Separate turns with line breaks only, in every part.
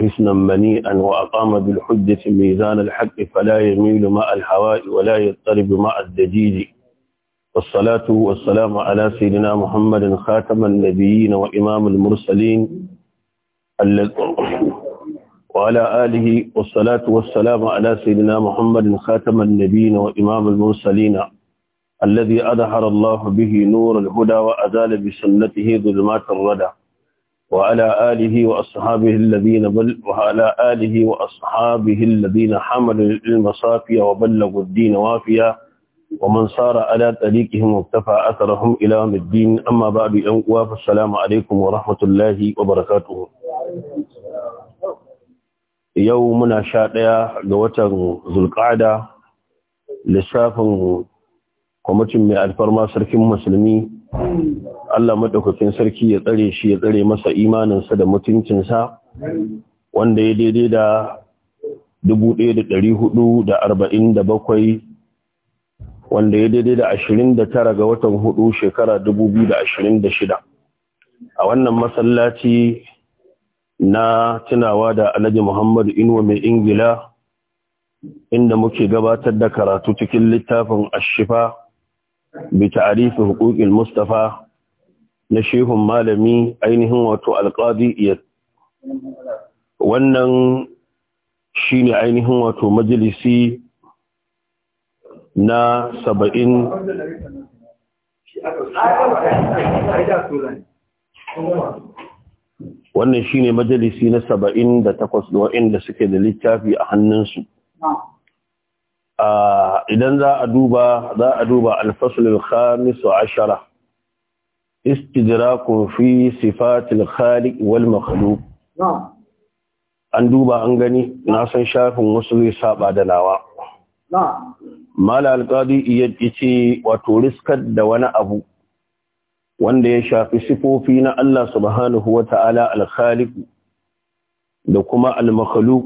حسنا منيئا وأقام بالحجة ميزان الحق فلا يميل ماء الهواء ولا يضطرب ماء الدجيج والصلاة والسلام على سيدنا محمد خاتم النبيين وإمام المرسلين وعلى آله والصلاة والسلام على سيدنا محمد خاتم النبيين وإمام المرسلين الذي أظهر الله به نور الهدى وأزال بسنته ظلمات الردى وعلى آله وأصحابه الذين بل وعلى آله وأصحابه الذين حملوا العلم صافيا وبلغوا الدين وافيا ومن صار على طريقهم واقتفى أثرهم إلى يوم الدين أما بعد أنقوا فالسلام عليكم ورحمة الله وبركاته يومنا شاطئة قوة ذو القعدة لسافن kwamitin mai alfarma sarkin musulmi
Allah
madaukakin sarki ya tsare shi ya tsare masa imaninsa da mutuncinsa wanda ya daidai da 1447 wanda ya daidai da 29 ga watan huɗu, shekara 2026 a wannan masallaci na tunawa da Alhaji Muhammadu Inuwa mai Ingila inda muke gabatar da karatu cikin littafin Ashifa بتعريف حقوق المصطفى نشيخ مالمي أينه وتو القاضي إياد wannan shi ne ainihin wato majalisi na saba'in wannan shi ne majalisi na saba'in da takwas da waɗanda suke da littafi a hannunsu idan za a duba za a duba khamis wa ashara istidrakun fi sifatil khaliq wal makhluq an duba an gani na san shafin wasu zai saba da nawa mala alqadi yace wato riskar da wani abu wanda ya shafi sifofi na Allah subhanahu Ta'ala al-khaliq da kuma al-makhluq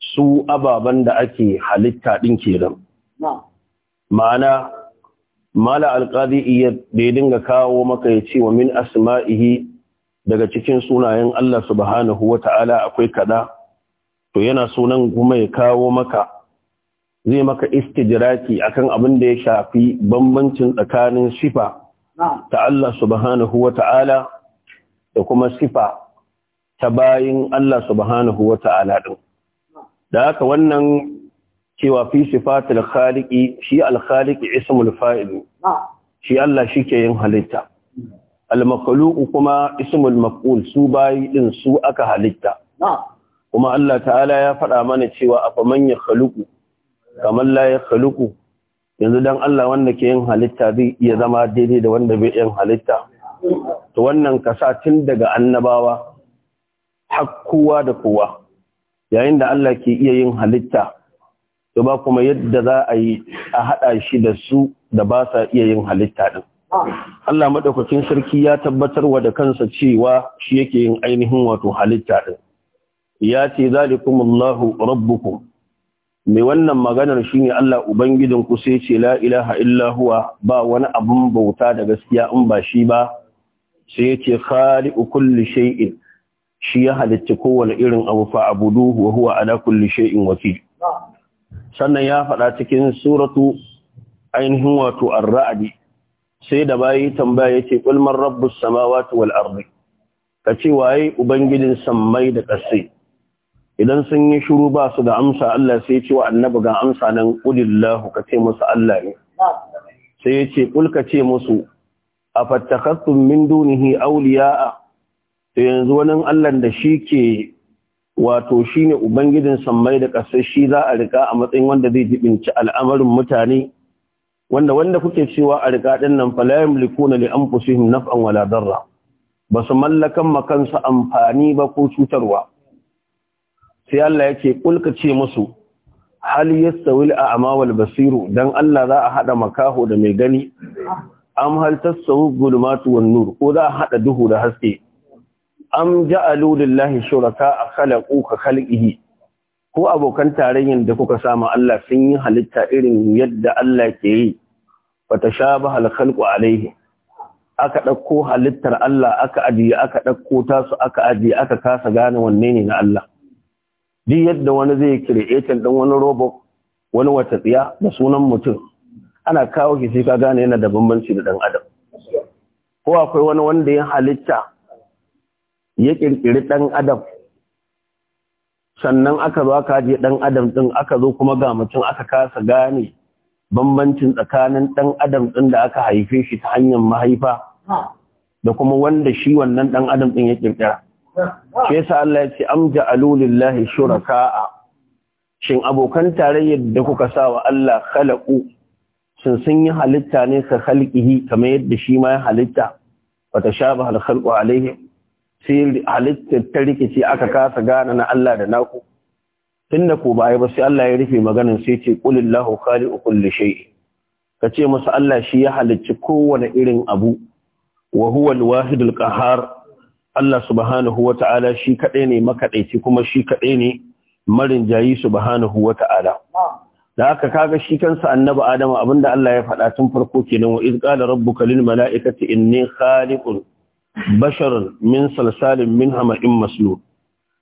su ababen da ake halitta ɗin kenan. Ma'ana, Mala alƙadi iya da dinga kawo maka ya ce wa min asma'ihi daga cikin sunayen Allah subhanahu wa ta'ala akwai kaɗa, to yana sunan kuma ya kawo maka, zai maka istijiraki akan abin da ya shafi bambancin tsakanin sifa ta Allah subhanahu wa da kuma sifa ta bayin Allah subhanahu wa ta'ala ɗin. da haka wannan cewa fi sifatul khaliqi shi al-khaliqi ismul fa'il shi Allah shike yin halitta al-makhluqu kuma ismul maf'ul su bayi din su aka halitta kuma Allah ta'ala ya faɗa mana cewa afa man yakhluqu kamar la yakhluqu yanzu dan Allah wanda ke yin halitta zai iya zama daidai da wanda bai yin halitta to wannan kasa tun daga annabawa har kowa da kowa yayin da Allah ke iya yin halitta to ba kuma yadda za a yi a haɗa shi da su da ba sa iya yin halitta ɗin. Allah maɗaukakin sarki ya tabbatar wa da kansa cewa shi yake yin ainihin wato halitta ɗin. Ya ce, Zalikumullahu rabbukum. Mai wannan maganar shi ne Allah Ubangijinku sai ce, La ilaha ba wani abin bauta da gaskiya in ba shi ba, sai ya ce, Khali'u kulli shay'in. shi ya halitta kowane irin abu fa abuduhu wa huwa ala kulli shay'in wakil sannan ya faɗa cikin suratu ainihin wato ar-ra'd sai da bayi tambaya yace qul man rabbus samawati wal ardi kace waye ubangijin samai da ƙasai idan sun yi shiru ba su da amsa Allah sai ya ce wa annabi ga amsa nan qulillahu kace musu Allah ne sai ya ce qul kace musu afattakhattum min dunihi awliya'a to yanzu wani Allah da shi ke wato shi ne Ubangijin sammai da ƙasar shi za a riƙa a matsayin wanda zai jibinci al'amarin mutane, wanda wanda kuke cewa a riƙa ɗin nan falayar likuna li an fusihim naf'an wala darra, ba su mallakan makansa amfani ba ko cutarwa. Sai Allah yake ƙulka ce musu, hal yastawil a'ma wal basiru dan Allah za a hada makaho da mai gani am hal tasawu zulumatu wan nur ko za a hada duhu da haske am ja'alu lillahi shuraka khalaqu ka khalqihi ko abokan tarayyar da kuka samu Allah sun yi halitta irin yadda Allah ke yi fa tashabaha al-khalqu alayhi aka ɗauko halittar Allah aka ajiye aka ɗauko tasu aka ajiye aka kasa gane wanne ne na Allah. Duk yadda wani zai create ɗan wani robot wani wata tsiya da sunan mutum ana kawo shi sai ka gane yana da bambanci da ɗan adam. Ko akwai wani wanda ya halitta ya ƙirƙiri ɗan adam sannan aka zo aka je ɗan adam ɗin aka zo kuma ga mutum aka kasa gane bambancin tsakanin ɗan adam ɗin da aka haife shi ta hanyar mahaifa da kuma wanda shi wannan ɗan adam ɗin ya ƙirƙira. Ke yasa Allah ya ce am ja'alu lillahi shuraka'a shin abokan tarayyar da kuka sa wa Allah khalaqu shin sun yi halitta ne ka khalqihi kamar yadda shi ma ya halitta wa tashabaha al-khalqu alaihim sai halittar ta rikici aka kasa gane na Allah da naku tunda ko ba ba sai Allah ya rufe maganin sai ce qulillahu khaliqu kulli shay ka ce masa Allah shi ya halicci kowane irin abu wa huwa al-wahid al-qahhar Allah subhanahu wata'ala shi kadai ne makadaici kuma shi kadai ne marin jayi subhanahu wata'ala da haka kaga shi kansa annabi Adam abinda Allah ya faɗa tun farko kenan wa iz qala rabbuka lil mala'ikati inni khaliqun bashar min salsalin min hama'in maslu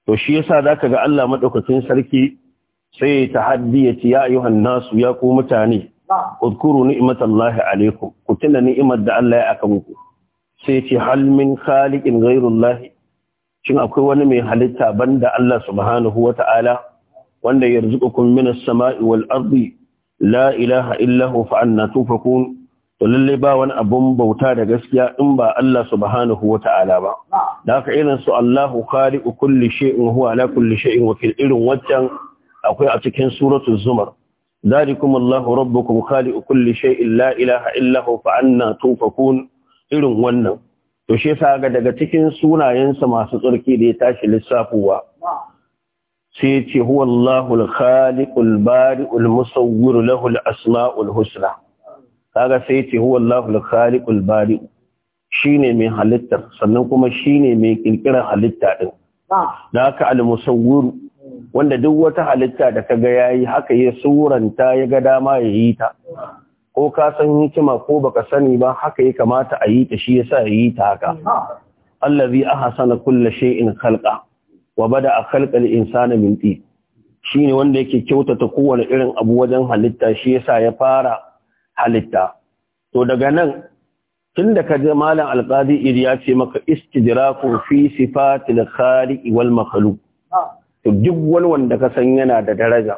to shi yasa zaka ga Allah madaukakin sarki sai ta haddi ya ce ya ayyuhan nasu ya ku mutane udkuru ni'matallahi alaikum ku tuna ni'imar da Allah ya aka muku sai ce hal min khaliqin ghairullahi shin akwai wani mai halitta banda Allah subhanahu wata'ala wanda yarzuqukum minas sama'i wal ardi la ilaha illa hu fa anna tufakun to lalle ba wani abun bauta da gaskiya in ba Allah subhanahu wata'ala ba da haka irin su Allahu khaliqu kulli shay'in huwa ala kulli shay'in wakil irin waccan akwai a cikin suratul zumar ذلكم الله ربكم خالق كل شيء لا Illa الا هو فانا تؤفكون irin wannan to shi yasa ga daga cikin sunayensa masu tsarki da ya tashi lissafuwa sai ya ce huwallahu al-khaliqul bari'ul musawwir lahu al-asma'ul husna kaga sai ce huwa Allahul khaliqul bari shine mai halitta sannan kuma shine mai kirkirar halitta din ah. da haka al musawwir wanda duk wata halitta da kaga yayi haka ya suranta ya ga dama ya yi ta ko ka san hikima ko baka sani ba haka ya kamata a yi ta shi yasa ya yi ta haka ah. allazi ahsana kulli shay'in khalqa wa bada'a khalqal insana min tin shine wanda yake kyautata kowane irin abu wajen halitta shi yasa ya fara halitta to daga nan tun da ka je malam alƙadi iri ya ce maka istidrakun fi da khaliq wal makhluq to duk wani wanda ka san yana da daraja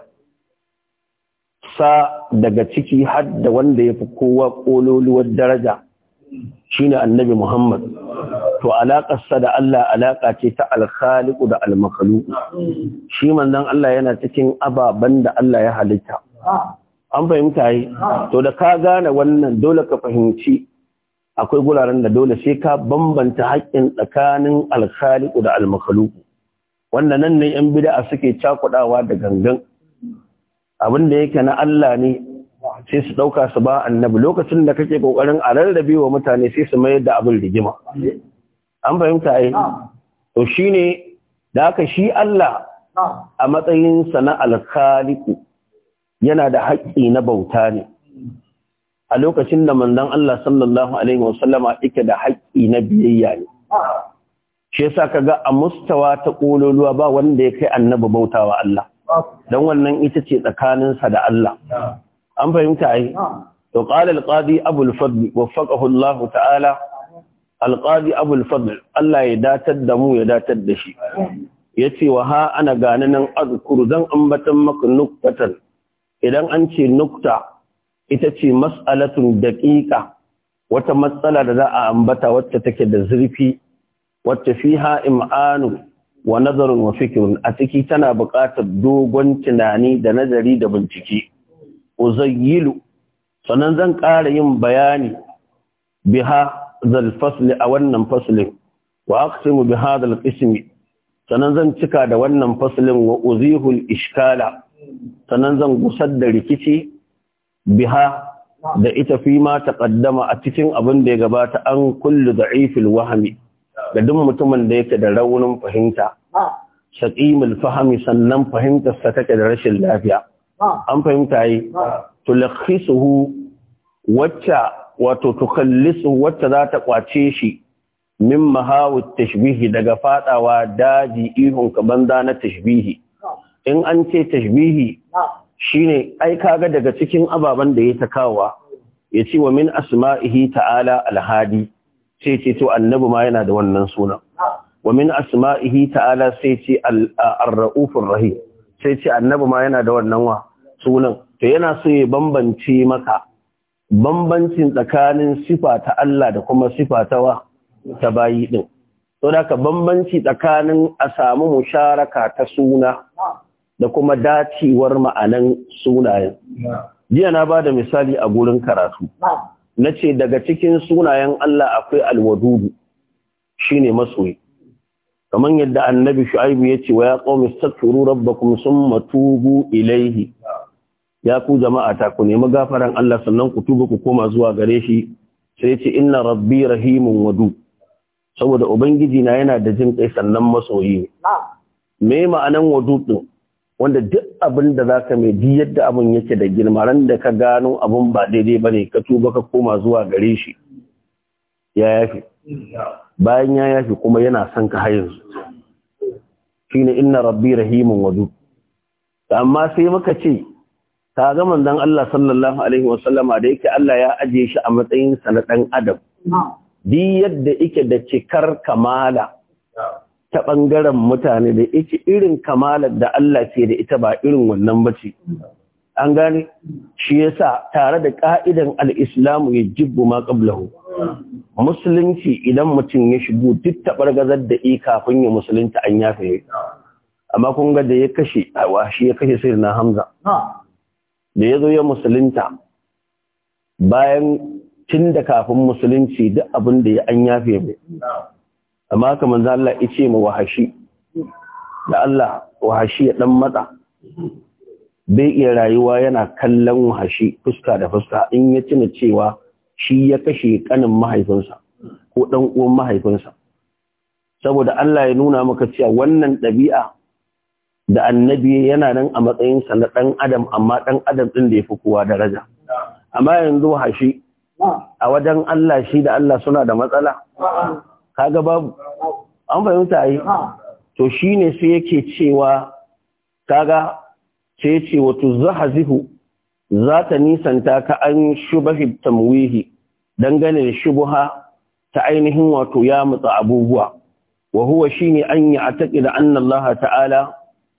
sa daga ciki har da wanda ya fi kowa kololuwar daraja shine annabi Muhammad to alaƙarsa da Allah alaƙa ce ta alkhaliqu da almakalu, shi manzon Allah yana cikin ababen da Allah ya halitta an fahimta yi to da ka gane wannan dole ka fahimci akwai guraren da dole sai ka bambanta haƙƙin tsakanin alkhaliku da almakaluku Wannan nan ne yan bid'a suke cakudawa da gangan abin da yake na Allah ne sai su ɗauka su ba annabi lokacin da kake ƙoƙarin a rarrabe wa mutane sai su mayar da abin rigima an fahimta yi to shine da ka shi Allah a matsayinsa na alkhaliku yana da haƙƙi na bauta ne a lokacin da manzon Allah sallallahu alaihi wasallama yake da haƙƙi na biyayya ne shi yasa kaga a mustawa ta kololuwa ba wanda ya kai annabi bautawa Allah dan wannan ita ce tsakaninsa da Allah an fahimta ai to qala al-qadi abu al-fadl waffaqahu Allah ta'ala al-qadi abu al-fadl Allah ya datar da mu ya datar da shi yace wa ha ana gane nan azkuru zan ambatan maka nuqtatan idan an ce nukta ita ce mas'alatun daƙiƙa wata matsala da za a ambata wacce take da zurfi wacce fi fiha im'anu wa nazarin wa fikirun a ciki tana buƙatar dogon tunani da nazari da bincike uzayyilu sannan zan ƙara yin bayani ha zal fasli a wannan faslin wa aqsimu bi hadha al sannan zan cika da wannan faslin wa uzihul ishkala sannan zan gusar da rikici biha da ita fi ma ta ƙaddama a cikin abin da ya gabata an kullu da'ifil wahami da duk mutumin da yake da raunin fahimta shaƙimul fahami sannan fahimtar sa take da rashin lafiya an fahimta yi tulakhisuhu wacce wato tukallisu wacce za ta kwace shi min mahawu tashbihi daga fadawa daji ihun banza na tashbihi in an ce tashbihi shine ai kaga daga cikin ababen da ya ta kawa ya ce wa min asma'ihi ta'ala alhadi sai ce to annabi ma yana da wannan suna wa min asma'ihi ta'ala sai ce ar-ra'ufur rahim sai ce annabi ma yana da wannan wa sunan to yana so ya bambance maka bambancin tsakanin sifa ta Allah da kuma sifa ta wa ta bayi din to da ka bambanci tsakanin a samu musharaka ta suna da kuma dacewar ma'anan sunayen. Jiya na ba da misali a gurin karatu. Na ce daga cikin sunayen Allah akwai alwadudu shi masoyi. Kamar yadda annabi Shu'aibu ya ce wa ya ƙaumi saturu rabbakum sun matubu ilaihi. Ya ku jama'a ta ku nemi gafaran Allah sannan ku tuba ku koma zuwa gare shi sai ce inna rabbi rahimun wadu. Saboda Ubangiji na yana da jin kai sannan masoyi ne. Me ma'anan wadu ɗin? wanda duk abin da za ka mai yadda abin yake da girma ran da ka gano abin ba daidai ba ne ka tuba ka koma zuwa gare shi ya yafi bayan ya yafi kuma yana son ka su. Shi ne inna rabbi rahimun wadu amma sai muka ce ta ga manzon Allah sallallahu alaihi wasallama da yake Allah ya ajiye shi a matsayin sa na dan adam di yadda yake da cikar kamala ta ɓangaren mutane da ita irin kamalar da Allah ke da ita ba irin wannan ba ce. An gane? Shi yasa tare da ƙa'idan al'islamu ya jibbu ma ƙablahu. Musulunci idan mutum ya shigo duk taɓar gazar da ɗi kafin ya musulunta an ya fiye. Amma kun ga da ya kashe, wa shi ya kashe sai na Hamza. Da ya zo ya musulunta bayan tun da kafin musulunci duk abin da ya an yafe mai. amma haka manzo Allah ya ce ma wahashi da Allah wahashi ya dan matsa bai iya rayuwa yana kallon wahashi fuska da fuska in ya tuna cewa shi ya kashe kanin mahaifinsa ko dan uwan mahaifinsa saboda Allah ya nuna maka cewa wannan ɗabi'a da annabi yana nan a matsayinsa na ɗan adam amma ɗan adam ɗin da ya fi kowa daraja amma yanzu wahashi a wajen Allah shi da Allah suna da matsala kaga babu an fahimta yi to shine sai yake cewa kaga sai ce wato zahazihu za ta nisanta ka an shubahi tamwihi dangane da shubuha ta ainihin wato ya mutsa abubuwa wa huwa shine an yi da anna Allah ta'ala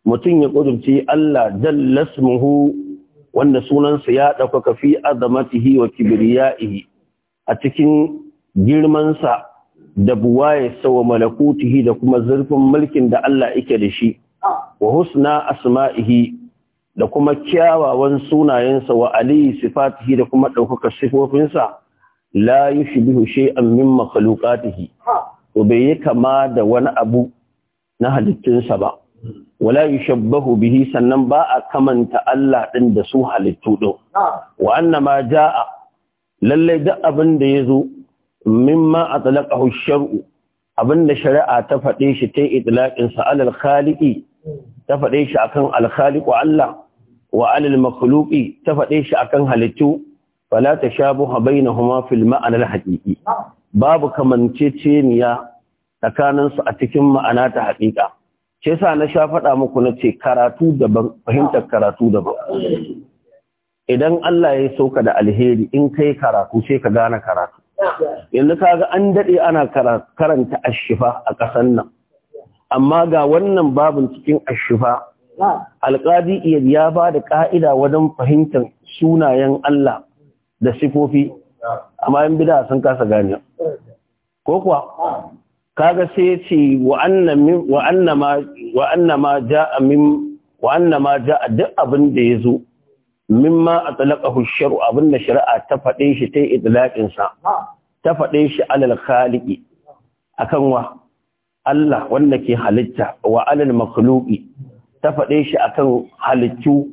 mutum ya ƙudurci Allah jallasmuhu wanda sunansa ya ɗaukaka fi azamatihi wa kibriya'ihi a cikin girmansa da buwaye sawa malakutihi da kuma zurfin mulkin da Allah yake da shi wa husna asma'ihi da kuma kyawawan sunayensa wa aliyi sifatihi da kuma ɗaukaka sifofinsa la yushbihu shay'an min makhluqatihi to bai yi kama da wani abu na halittunsa ba wala shabbahu bihi sannan ba a kamanta Allah ɗin da su halittu din wa annama jaa lalle duk abin da ya zo. mimma a ash-shar'u abinda shari'a ta faɗe shi ta itlaqin sa alal khaliƙi ta faɗe shi akan al-khaliq Allah wa alil makhluqi ta faɗe shi akan halittu fala tashabuha bainahuma fil ma'ana al-haqiqi babu kamanceceniya tsakanin su a cikin ma'ana ta haƙiƙa ce sa na sha faɗa muku na ce karatu daban fahimtar karatu daban idan Allah ya yi sauka da alheri in kai karatu sai ka gane karatu yanzu kaga an daɗe ana karanta ashifa a ƙasan nan amma ga wannan babin cikin ashifa alƙadi iya ya ba da ƙa'ida wajen fahimtar sunayen Allah da sifofi amma yin bida sun kasa gane ko kuwa kaga sai ya ce wa annama ja'a a duk abin da ya zo mimma a hushar abin da shari'a ta faɗe shi ta yi sa ta faɗe shi alal khaliqi akan wa Allah wanda ke halitta wa alal makhluqi ta faɗe shi akan halittu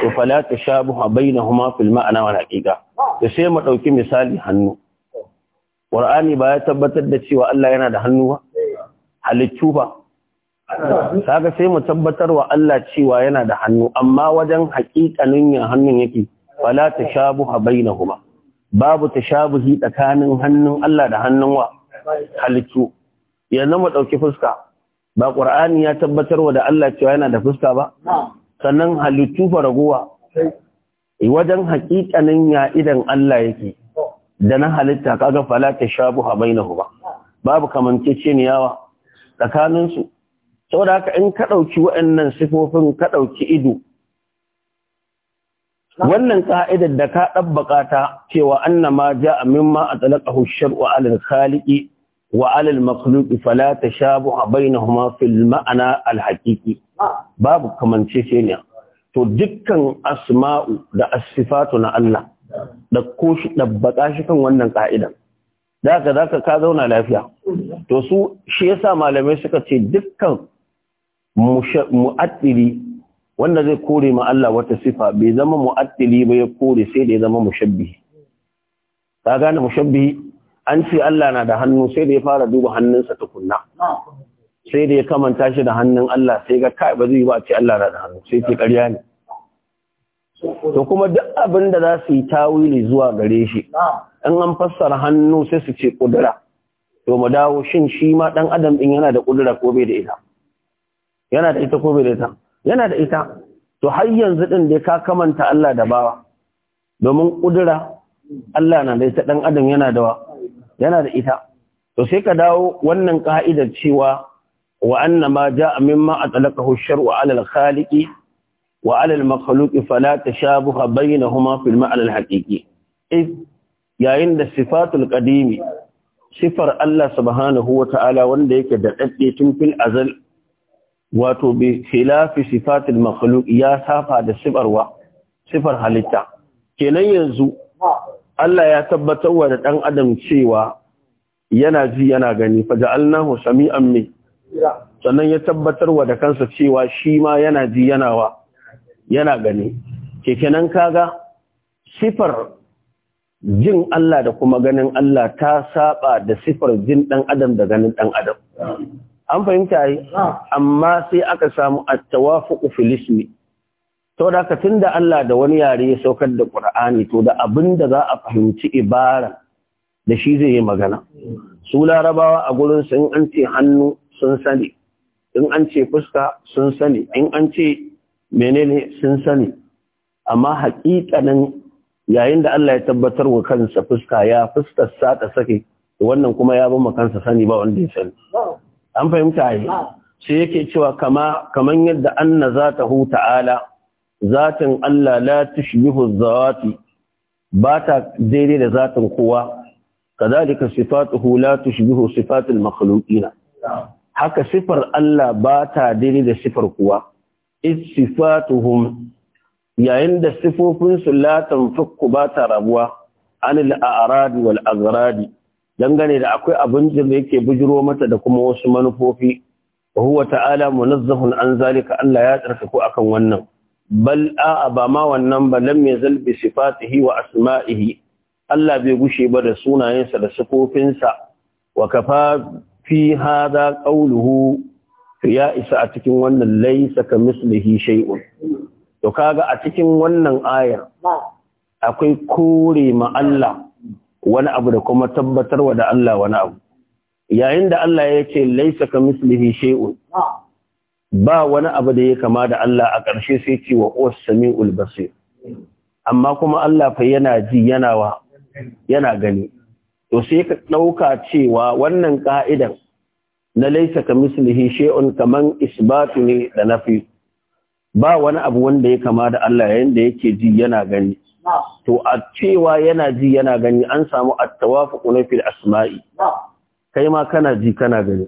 to fala tashabuha bainahuma fil ma'ana wal haqiqa to sai mu ɗauki misali hannu Qur'ani ba ya tabbatar da cewa Allah yana da hannu ba halittu ba kaga sai mu tabbatar wa Allah cewa yana da hannu amma wajen haƙiƙanin yin hannun yake fala tashabuha bainahuma babu ta tashabuhi tsakanin hannun Allah da hannun wa halittu yanzu mu dauki fuska ba qur'ani ya tabbatar wa da Allah cewa yana da fuska ba sannan halittu faragowa e, wajen haƙiƙanin ya idan Allah yake da na halitta kaga fala ta tashabuha bainahu ba babu kamanceceniyawa tsakaninsu saboda haka in ka ɗauki waɗannan sifofin ka ɗauki ido wannan ka'idar da ka ɗabbaka ta cewa annama a mimma atlaqahu ash-shar'u 'ala al-khaliqi wa 'ala al-makhluqi fala tashabuha bainahuma fil ma'ana al-haqiqi babu kamanceceniya to dukkan asma'u da asifatu sifatu na Allah da ko shi shi kan wannan ka'idan da zaka ka zauna lafiya to su shi yasa malamai suka ce dukkan mu'attili wanda zai kore ma Allah wata sifa bai zama mu'attili ba ya kore sai da ya zama mushabbihi ka gane mushabbihi an ce Allah na da hannu sai da ya fara duba hannunsa tukunna sai da ya kamanta shi da hannun Allah sai ga kai ba zai ba ce Allah na da hannu sai ce ƙarya ne to kuma duk abin da za su yi tawili zuwa gare shi in an fassara hannu sai su ce kudura to mu dawo shin shi ma dan adam ɗin yana da kudura ko bai da ita yana da ita ko bai da ita yana da ita to har yanzu din da ka kamanta Allah da bawa domin kudura Allah na da ita dan adam yana da yana da ita to sai ka dawo wannan ka'idar cewa wa anna ma ja'a mimma atlaqahu ash-shar'u 'ala al-khaliqi wa 'ala al-makhluq fala tashabuha bainahuma fil ma'na al-haqiqi yayin da sifatul qadimi sifar Allah subhanahu wa ta'ala wanda yake da dadde tun fil azal wato bi khilafi sifatil makhluq ya safa da sifarwa sifar halitta kenan yanzu Allah ya tabbatar wa dan adam cewa yana ji yana gani fa ja'alnahu sami'an min sannan ya tabbatar wa da kansa cewa shi ma yana ji yana wa yana gani kenan kaga sifar jin Allah da kuma ganin Allah ta saba da sifar jin dan adam da ganin dan adam an fahimta yi amma sai aka samu a tawafi ufilismi to da ka da Allah da wani yare ya saukar da ƙur'ani, to da abin da za a fahimci ibara da shi zai yi magana su larabawa a gurin sun an ce hannu sun sani in an ce fuska sun sani in an ce menene sun sani amma haƙiƙanin yayin da Allah ya tabbatar wa kansa fuska ya fuskar sata sake wannan kuma ya bi kansa sani ba wanda ya sani an fahimta yi Su yake cewa kama kaman yadda anna zatahu ta'ala zatin Allah la tushbihu zawati ba ta daidai da zatin kowa kadhalika sifatuhu la tushbihu Sifatun makhluqina haka sifar Allah ba ta daidai da sifar kowa is sifatuhum yayin da sifofinsu la tanfakku ba ta rabuwa anil a'radi wal agradi dangane da akwai abin da yake bujiro mata da kuma wasu manufofi wa huwa ta'ala munazzahun an zalika Allah ya ko akan wannan bal a ba ma wannan ba lam yazal bi sifatihi wa asma'ihi Allah bai gushe ba da sunayensa da sifofinsa wa kafa fi hadha qawluhu ya isa a cikin wannan laysa ka mislihi shay'un to kaga a cikin wannan ayar akwai kore ma Allah wani abu da kuma tabbatarwa da Allah wani abu yayin da Allah ya ce laisa ka mislihi shay'un ba wani abu da ya kama da Allah a ƙarshe sai ce wa huwas samiul basir amma kuma Allah fa yana ji yana wa yana gani to sai ka dauka cewa wannan ka'idan na laisa ka mislihi shay'un kaman isbatu ne da nafi ba wani abu wanda ya kama da Allah yayin da yake ji yana gani to a cewa yana ji yana gani an samu at-tawafuqu na fil asma'i kai ma kana ji kana gani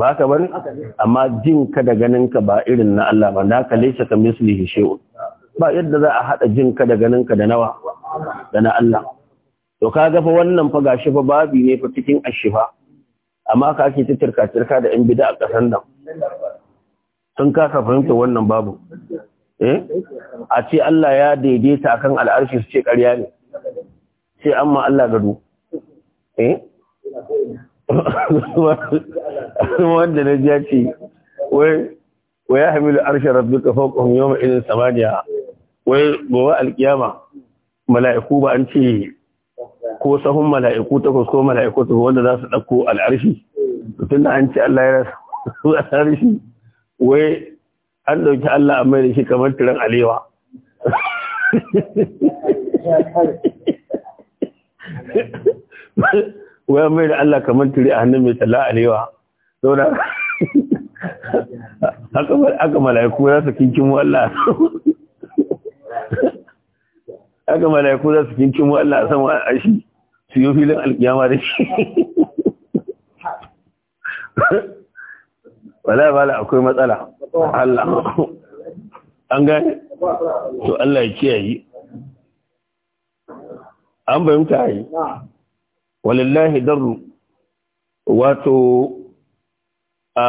ba ka bane amma jin ka da ganin ka ba irin na Allah ba naka laysa ka mislihi shay'un ba yadda za a hada jin ka da ganin ka da nawa da na Allah to kaga fa wannan fa gashi fa babi ne fa cikin ashifa amma ka ake titirka tirka da yan bid'a a kasan nan sun kasa fahimta wannan babu Eh? a ce Allah ya daidaita kan al’arfi su ce ƙarya ne sai amma Allah gado eh? wanda na ya ce wai ya hamilu arshen rabbi ka fokon yau ma irin samaniya wai gowa alƙiyama, mala'iku ba an ce ko sahun mala'iku takwas ko mala'iku takwas wanda za su ɗauko al'arshi tun da an ce Allah ya rasu al'arshi wai an ɗauki Allah a mai da shi kamar tiran alewa wai mai da Allah kamar tiri a hannun mai talla alewa saboda aka malayaku za su kinkin Allah aka malayaku za su kinkin Allah sama a shi su yi filin alkiyama da shi wala bala akwai matsala Allah an gane to Allah ya kiyaye an bayyanta yi walillahi daru wato a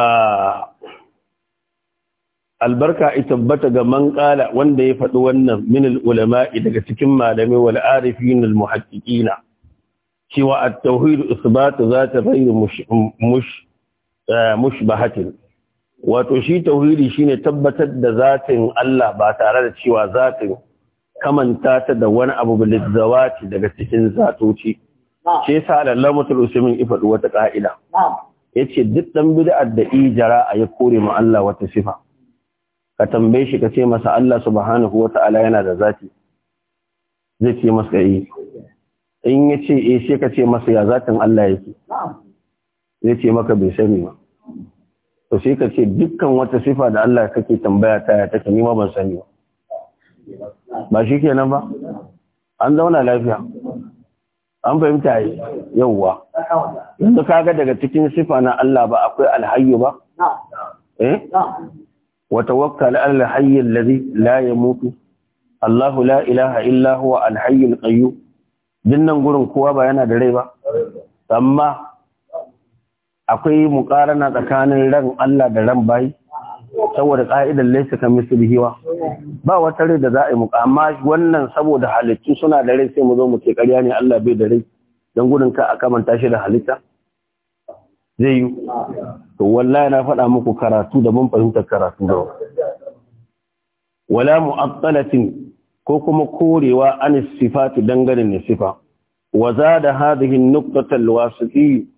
albarka itabbata ga man kala wanda ya faɗi wannan min ulama'i daga cikin malamai wal arifin al cewa at-tauhid isbatu zata bayyin mush eh, mushbahatin wato shi tauhidi shine tabbatar da zatin Allah ba tare da cewa zatin kamanta ta da wani abu bilizawati daga cikin zatoci ce sa da lamatul usmin ifadu wata qaida yace duk dan bid'a da ijara a ya kore mu Allah wata sifa ka tambaye shi ka ce masa Allah subhanahu wata'ala yana da zati zai ce masa eh in ya ce eh sai ka ce masa ya zatin Allah yake zai ce maka bai sani ba to sai ka ce dukkan wata sifa da Allah kake tambaya ta ya take nima ban sani ba ba shi kenan ba an zauna lafiya an fahimta yi yauwa yanzu kaga daga cikin sifa na Allah ba akwai alhayyu ba eh wa tawakkal alhayy alladhi la mutu. Allahu la ilaha illa huwa alhayyul qayyum dinnan gurin kowa ba yana da rai ba amma akwai mukarana tsakanin ran Allah da ran bayi saboda ka'idar laisa kan mislihiwa ba wata rai da za a yi muka amma wannan saboda halittu suna da rai sai mu zo mu ce ƙarya ne Allah bai da rai don gudun ka a kamanta shi da halitta zai yi to wallahi na faɗa muku karatu da mun fahimtar karatu da wala mu'attalatin ko kuma korewa an sifatu dangane ne sifa wa zada hadhihi an al-wasiti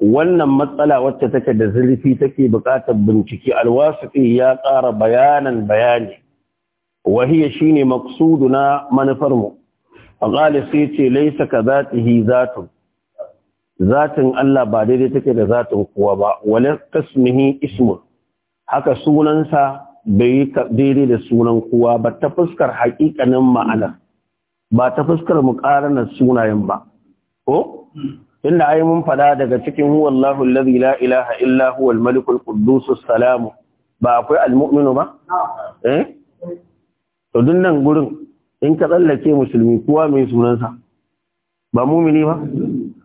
wannan matsala wacce take da zurfi take buƙatar bincike alwasifi ya ƙara bayanan bayani wahiya shine maqsuduna manufar mu faqala sai ce laysa ka zatihi zatun zatin Allah ba daidai take da zatin kuwa ba wala kasmihi ismu haka sunansa bai daidai da sunan kuwa ba ta fuskar haƙiƙanin ma'ana ba ta fuskar muƙaranar sunayen ba ko hmm. inna ai mun fada daga cikin huwallahu allazi la ilaha illa huwal malikul quddus salam ba akwai al-muminu ba eh to dun nan gurin in ka tsallake musulmi kowa mai sunansa ba mumini ba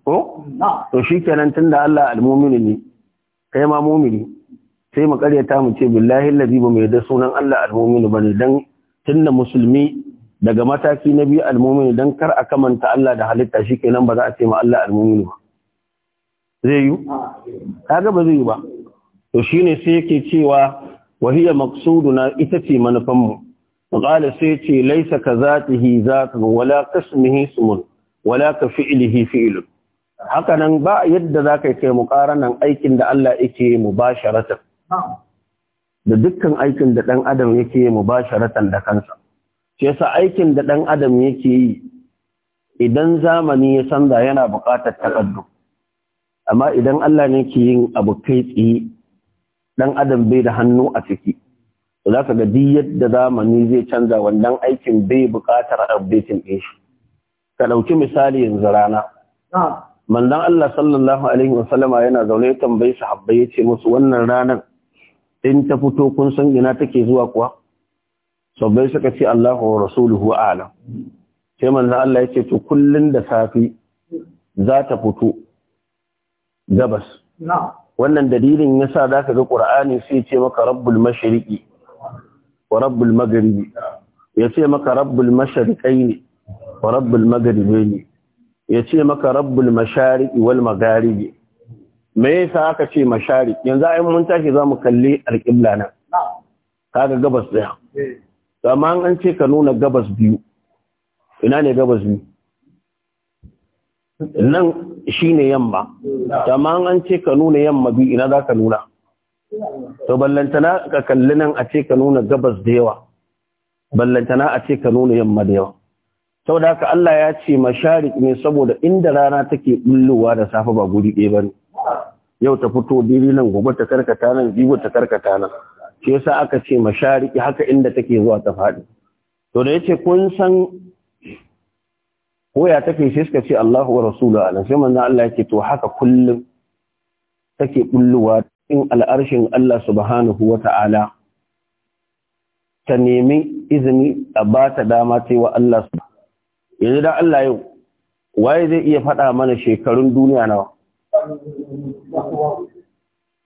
ko to shikenan tunda Allah al al-mu'minu ne kai ma mumini sai mu karyata mu ce billahi allazi ba mai da sunan Allah al-mominu al-mu'minu bane dan tunda musulmi daga mataki na biyu almumini don kar a kamanta Allah da halitta shi kenan ba za a ce ma Allah almumini ba zai yi kaga ba zai yi ba to shine sai yake cewa wahiya na ita ce manufan mu qala sai ce laisa ka za zatun wala kasmihi sumun, wala ka fi'lihi fi'lun haka nan ba yadda za ka kai muƙaranan aikin da Allah yake mu ba sharatan da dukkan aikin da ɗan adam yake mu ba sharatan da kansa Ke sa aikin da ɗan adam yake yi idan zamani ya canza yana buƙatar taƙaddu amma idan Allah ne ke yin abu kai tsaye ɗan adam bai da hannu a ciki za ka ga duk yadda zamani zai canza wannan aikin bai buƙatar updating ɗin shi ka ɗauki misali yanzu rana manzon Allah sallallahu alaihi wasallama yana zaune ya tambayi sahabbai ya ce musu wannan ranar in ta fito kun san ina take zuwa kuwa sabbai suka ce Allahu wa rasuluhu Ala. sai manzon Allah yace to kullum da safi za ta fito gabas wannan dalilin yasa zaka ga Qur'ani sai ce maka rabbul mashriqi wa rabbul maghribi ce maka rabbul mashriqaini wa rabbul maghribaini ce maka rabbul mashariqi wal magharibi me yasa aka ce mashariq yanzu ai mun tashi zamu kalli alqibla nan kaga gabas daya eh. amma an ce ka nuna gabas biyu ina ne gabas biyu nan shi ne yamma amma an ce ka nuna yamma biyu ina za ka nuna to ballantana ka kalli nan a ce ka nuna gabas da yawa ballantana a ce ka nuna yamma da yawa sau da haka Allah ya ce masharik ne saboda inda rana take bullowa da safe ba guri ɗaya ba ne yau ta fito dirilin nan gobe ta karkata nan jibo ta karkata nan shi yasa aka ce mashariki haka inda take zuwa ta faɗi to da yace kun san koya take shi suka ce Allahu wa rasulu alaihi sai manzo Allah yake to haka kullum take bulluwa in al'arshin Allah subhanahu wa ta'ala ta nemi izini a ba ta dama yi wa Allah su yanzu da Allah yau waye zai iya faɗa mana shekarun duniya nawa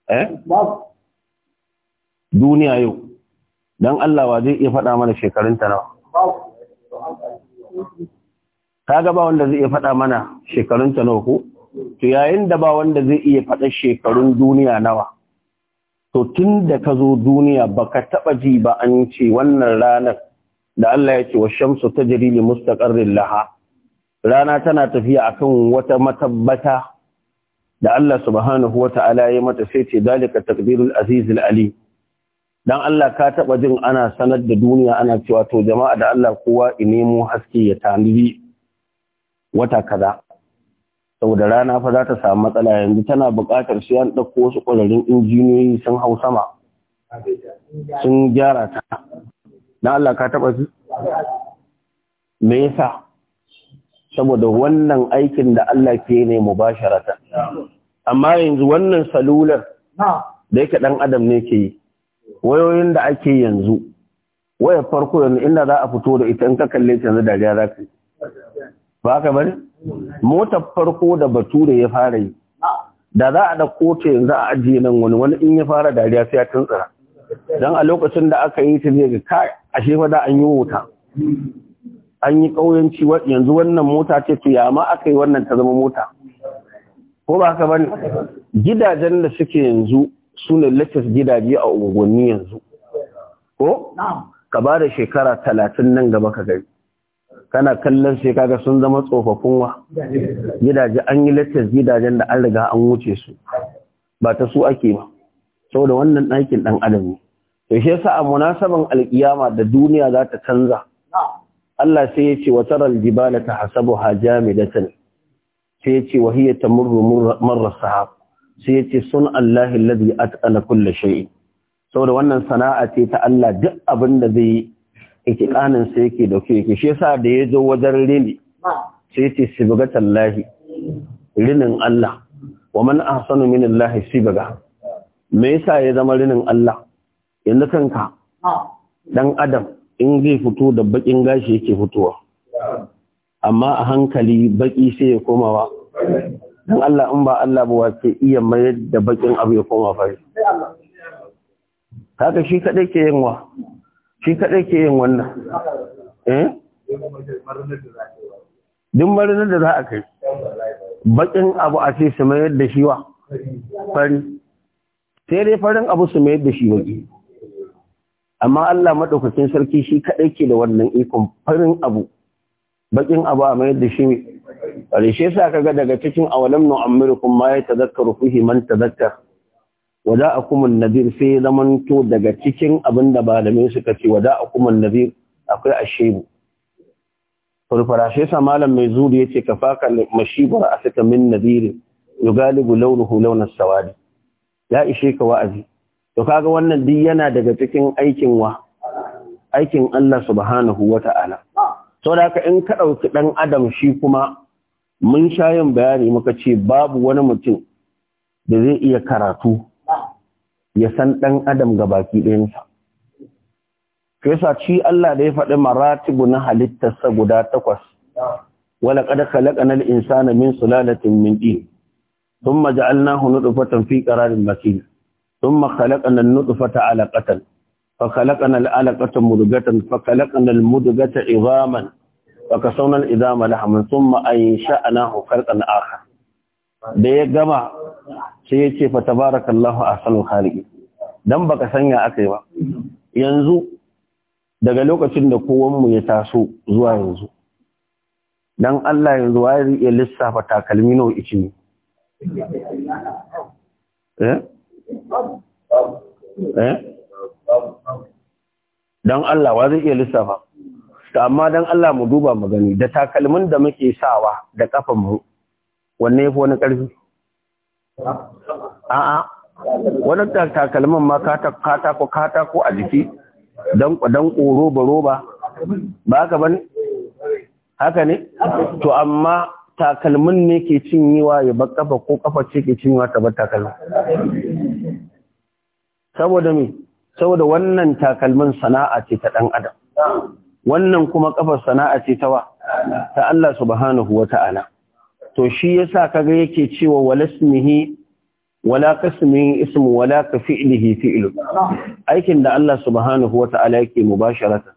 eh? duniya yau don Allah wa zai iya faɗa mana shekarunta nawa ta ga ba wanda zai iya faɗa mana shekarunta nawa ko to yayin da ba wanda zai iya faɗa shekarun duniya nawa to tun da ka zo duniya ba ka taɓa ji ba an ce wannan ranar da Allah ya ce wa shamsu ta jirili mustaqarrin laha rana tana tafiya a kan wata matabbata da Allah subhanahu ta'ala ya mata sai ce dalika takbirul azizul alim dan Allah ka taba jin ana sanar da duniya ana cewa to jama'a da Allah kowa i nemo haske ya tanuri wata kaza saboda rana fa za ta samu matsala yanzu tana buƙatar sai an ɗauko wasu ƙwararrun injiniyoyi sun hau sama sun gyara ta dan Allah ka taba ji me yasa saboda wannan aikin da Allah ke ne mubasharata amma yanzu wannan salular da yake dan adam ne ke yi wayoyin da ake yanzu waya farko yanzu inda za a fito da ita in ka kalle ta yanzu dariya za ka yi. ba ka bari motar farko da bature ya fara yi da za a ɗauko ta yanzu a ajiye nan wani wani in ya fara dariya sai ya tantsara don a lokacin da aka yi ta zai ga kai a shefa da an yi wuta an yi ƙauyanci yanzu wannan mota ce to ya ma aka yi wannan ta zama mota ko ba ka bani gidajen da suke yanzu su ne gidaje a unguwanni yanzu ko ka ba da shekara talatin nan gaba ka gari kana kallon sai kaga sun zama tsofaffin wa gidaje an yi latas gidajen da an riga an wuce su ba ta su ake ba saboda wannan ɗakin ɗan adam ne to shi yasa a munasaban alkiyama da duniya za ta canza Allah sai ya ce wa taral jibala ta ne, sai ya ce wa hiya tamurru marra sahab sai ya ce sun Allah alladhi atqala kulle shay'in saboda wannan sana'a ce ta Allah duk abin da zai yake kanin sa yake dauke yake shi sa da ya zo wajen rini sai ya ce buga tallahi rinin Allah wa man ahsanu min su buga? me yasa ya zama rinin Allah yanzu kanka dan adam in zai fito da bakin gashi yake fitowa amma a hankali baki sai ya komawa don Allah in ba Allah ba wace iya mayar da bakin abu ya koma fari haka shi kadai ke yin wa shi kadai ke yin wannan eh duk marinar da za a kai bakin abu a ce su mayar da shi wa fari sai dai farin abu su mayar da shi baki amma Allah madaukakin sarki shi kadai ke da wannan ikon farin abu bakin abu a mayar da shi shi sa kaga daga cikin awalam nu amirukum ma ya tazakkaru fihi man tazakkar wada akumun nadir sai zaman to daga cikin abin da malamai suka ce wada akumun nadir akwai ashebu farfara shi sa malam mai zuri ka faka mashibar asaka min nadir yugalibu launuhu launas sawadi ya ishe ka wa'azi to kaga wannan din yana daga cikin aikin wa aikin Allah subhanahu wata'ala saboda haka in ka ɗauki ɗan adam shi kuma mun sha yin bayani muka ce babu wani mutum da zai iya karatu ya san ɗan adam ga baki ɗayansa. Kaisa ci Allah da ya faɗi maratibu na halittarsa guda takwas, wala ƙada kalaƙanar insana min sulalatin min ɗin, sun maja'alna hu nutufatan fi ƙararin masil, sun makalaƙanar nutufata alaƙatan, fakalaƙanar alaƙatan mudugatan, fakalaƙanar mudugata izaman, وكسونا الإدام لحما ثم أنشأناه خلقا aka. da ya gama sai ya ce fa tabarakallahu ahsanul khaliqin dan baka sanya akai ba yanzu daga lokacin da kowan ya taso zuwa yanzu dan Allah yanzu waye zai iya lissafa takalmi nawa ici eh eh dan Allah waye zai iya lissafa to amma dan Allah mu duba mu gani da takalmin da muke sawa da kafan mu wanne yafi wani karfi a'a wani takalmin ma katako katako a jiki dan dan roba roba ba haka bane haka ne to amma takalmin ne ke cinyewa ya bar kafa ko kafa ce ke cinyewa ta bar takalmin saboda me saboda wannan takalmin sana'a ce ta dan adam wannan kuma kafar sana'a ce ta wa ta Allah subhanahu wata'ala to shi yasa kaga yake cewa walasmihi wala kasmi ismu wala ka fi'lihi fi'lu aikin da Allah subhanahu wata'ala yake mubasharatan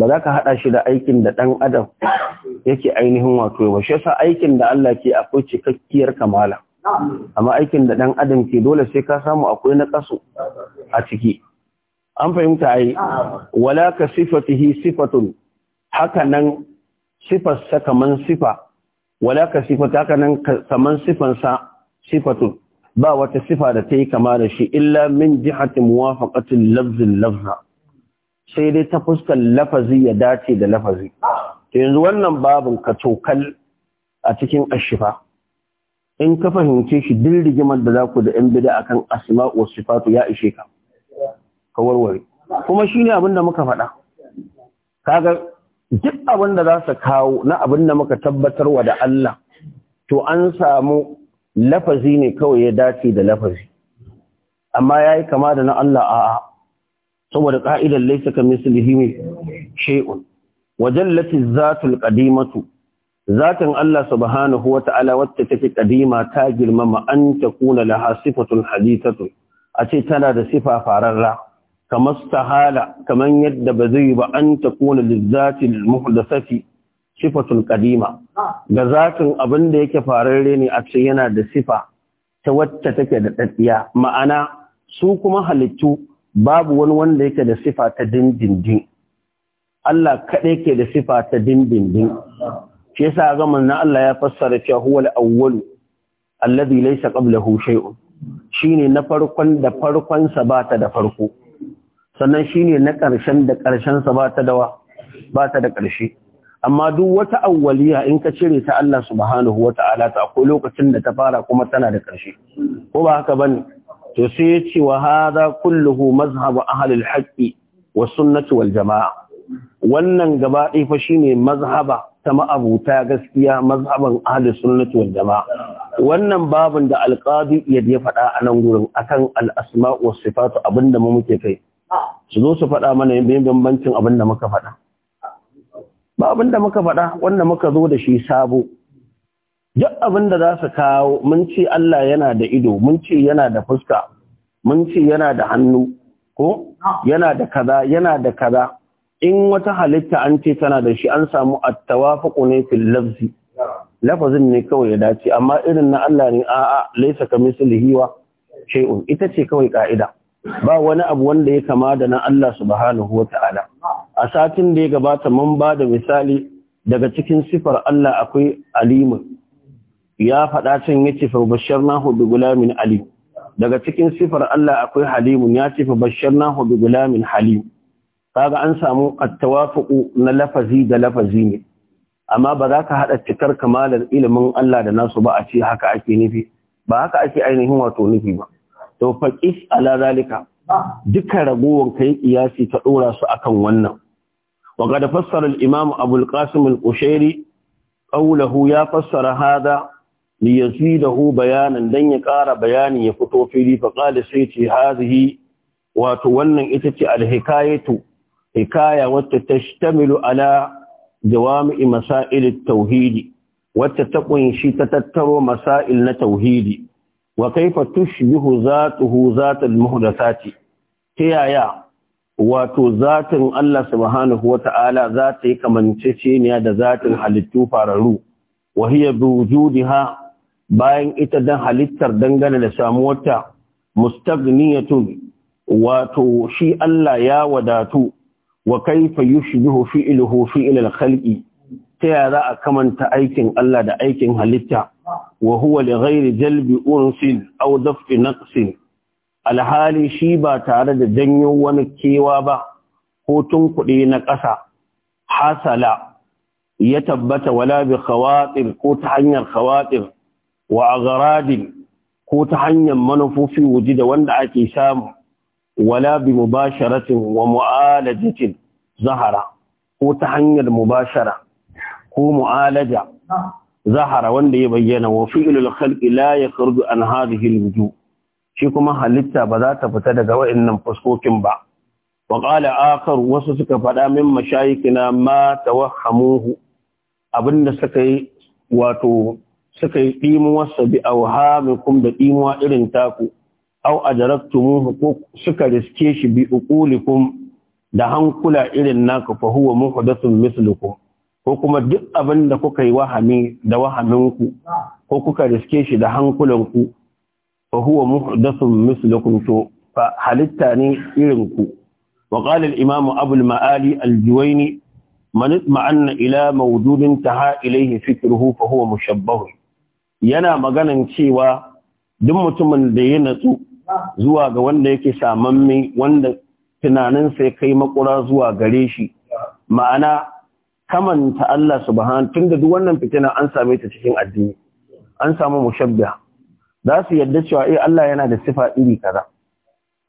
ba za ka hada shi da aikin da dan adam yake ainihin wato ba shi yasa aikin da Allah ke akwai cikakkiyar kamala amma aikin da dan adam ke dole sai ka samu akwai na kaso a ciki an fahimta ai ah, ah, ah. wala ka sifatihi sifatun haka nan sifar kaman sifa wala ka sifata haka nan kaman sifatun ba wata sifa da ta yi kama da shi illa min jihati muwafaqatil lafzin lafza sai dai ta fuskar lafazi ya dace da lafazi to yanzu wannan babin ka tokal a cikin ashifa in ka fahimce shi duk rigimar da za ku da 'yan bida akan asma'u sifatu ya ishe ka ka warware kuma shi ne abin da muka faɗa kaga duk abin da za su kawo na abin da muka tabbatarwa da Allah to an samu lafazi ne kawai ya dace da lafazi amma ya yi kama da na Allah a'a saboda ƙa'idar laisa ka mislihi mai shay'un wajallati zatul qadimatu zatan Allah subhanahu wata'ala wacce take ƙadima ta girmama an takuna laha sifatun hadithatu a ce tana da sifa fararra kamar stahala kamar yadda ba zai ba an ta kone lizzatil muhdasafi sifatul kadima ga zatin abin da yake fararre ne a ce yana da sifa ta wacce take da daddiya ma'ana su kuma halittu babu wani wanda yake da sifa ta dindindin Allah kaɗai ke da sifa ta dindindin shi yasa ga manna Allah ya fassara cewa huwal awwal alladhi laysa qablahu shay'un shine na farkon da farkon sa ba da farko sannan shine na ƙarshen da ƙarshen sa ba ta dawa ba ta da ƙarshe amma duk wata awwaliya in ka cire ta Allah subhanahu wata'ala ta akwai lokacin da ta fara kuma tana da ƙarshe ko ba haka bane to sai ya ce wa hadha kulluhu mazhabu ahli al wa sunnati wal jama'a wannan gaba ɗaya fa shine mazhaba ta ma'abuta gaskiya mazhaban ahlus sunnati wal jamaa wannan babin da alqadi ya ya faɗa a nan gurin akan al asma' was sifat abinda mu muke kai su zo su faɗa mana yin bambancin abin da muka faɗa ba abin da muka faɗa wanda muka zo da shi sabo duk abin da za su kawo mun ce Allah yana da ido mun ce yana da fuska mun ce yana da hannu ko yana da kaza yana da kaza in wata halitta an ce tana da shi an samu at-tawafuqu ne fil lafzi lafazin ne kawai ya dace amma irin na Allah ne a'a laisa kamithlihi hiwa ce. ita ce kawai ka'ida ba wani abu wanda ya kama da na Allah subhanahu wa ta'ala a satin da ya gabata mun ba da misali daga cikin sifar Allah akwai alimu ya faɗa can ya ce fa na hudu gulamin alim daga cikin sifar Allah akwai Halimu ya ce fa na hudu gulamin halim kaga an samu at na lafazi da lafazi ne amma ba za ka haɗa cikar kamalar ilimin Allah da nasu ba a ce haka ake nufi ba haka ake ainihin wato nufi ba to faqis ala zalika duka ragowar kai kiyasi ka dora su akan wannan wa qad fassara al-imam abu al-qasim al-qushairi qawluhu ya fassara hada li yazidahu bayanan dan ya ƙara bayani ya fito fili fa qala sai ce hadhihi wato wannan ita ce al-hikayatu hikaya wacce tashtamilu ala jawami'i masail at-tauhid wacce ta kunshi ta tattaro masail na tauhidi wa kaifa tushbihu zatuhu zatal muhdathati ta yaya wato zatin Allah subhanahu wata'ala za ta yi kamanceceniya da zatin halittu fararu wa hiya bi bayan ita dan halittar dangane da samuwarta mustaghniyatun wato shi Allah ya wadatu wa kaifa yushbihu fi'luhu fi'l al-khalqi ta yaya za a kamanta aikin Allah da aikin halitta wa huwa li jalbi unsin aw daf'i naqsin alhali shi ba tare da janyo wani kewa ba ko tun kuɗi na ƙasa hasala ya tabbata wala bi khawatir ko ta hanyar khawatir wa agharadin ko ta hanyar manufofi wuji da wanda ake samu wala bi mubasharatin wa mu'alajatin zahara ko ta hanyar mubashara ko mu'alaja zahara wanda ya bayyana wa fi'lul khalqi la yakhruju an hadhihi alwujuh shi kuma halitta ba za ta fita daga wayannan fuskokin ba wa qala akhar wasu suka faɗa min mashayikina ma tawahhamuhu abinda suka yi wato suka yi dimuwarsa bi awhamikum da dimuwa irin taku aw ajaraktumuhu ko suka riske shi bi uqulikum da hankula irin naka fa huwa muhdathun mithlukum ko kuma duk abin da kuka yi wahami da wahaminku ko kuka riske shi da hankulanku fa huwa muhdathun mislukum to fa halitta ne irin ku wa qala al imam abu al maali al juwayni man ma'anna ila mawjudin taha ilayhi fikruhu fa huwa mushabbah yana maganan cewa duk mutumin da ya natsu zuwa ga wanda yake samamme wanda tunaninsa ya kai makura zuwa gare shi ma'ana kaman ta Allah tun da duk wannan fitina an same ta cikin addini an samu mushabbiha za su yadda cewa eh Allah yana da sifa iri kaza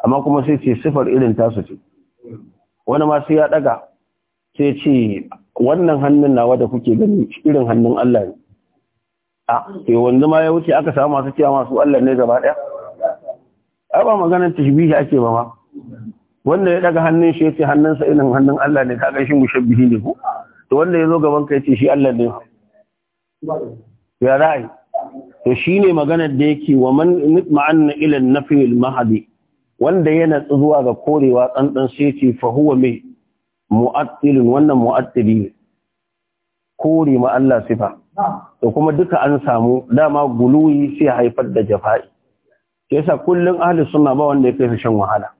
amma kuma sai ce sifar irin su ce wani ma sai ya daga sai ce wannan hannun nawa da kuke gani irin hannun Allah ne a sai wanda ma ya wuce aka samu masu cewa masu Allah ne gaba daya ai ba maganar tashbihi ake ba ma wanda ya daga hannun shi ya ce hannunsa irin hannun Allah ne ta shi mushabbihi ne ko to wanda ya zo gaban ka ce shi Allah ne ya ra'ayi to shine maganar da yake wa man ma'anna ila an-nafi al-mahdi wanda ya natsu zuwa ga korewa tsantsan sai ce fa huwa mai mu'attil wannan mu'attili kore ma Allah sifa to kuma duka an samu dama guluyi sai haifar da jafa'i yasa kullun ahli sunna ba wanda ya kai shan wahala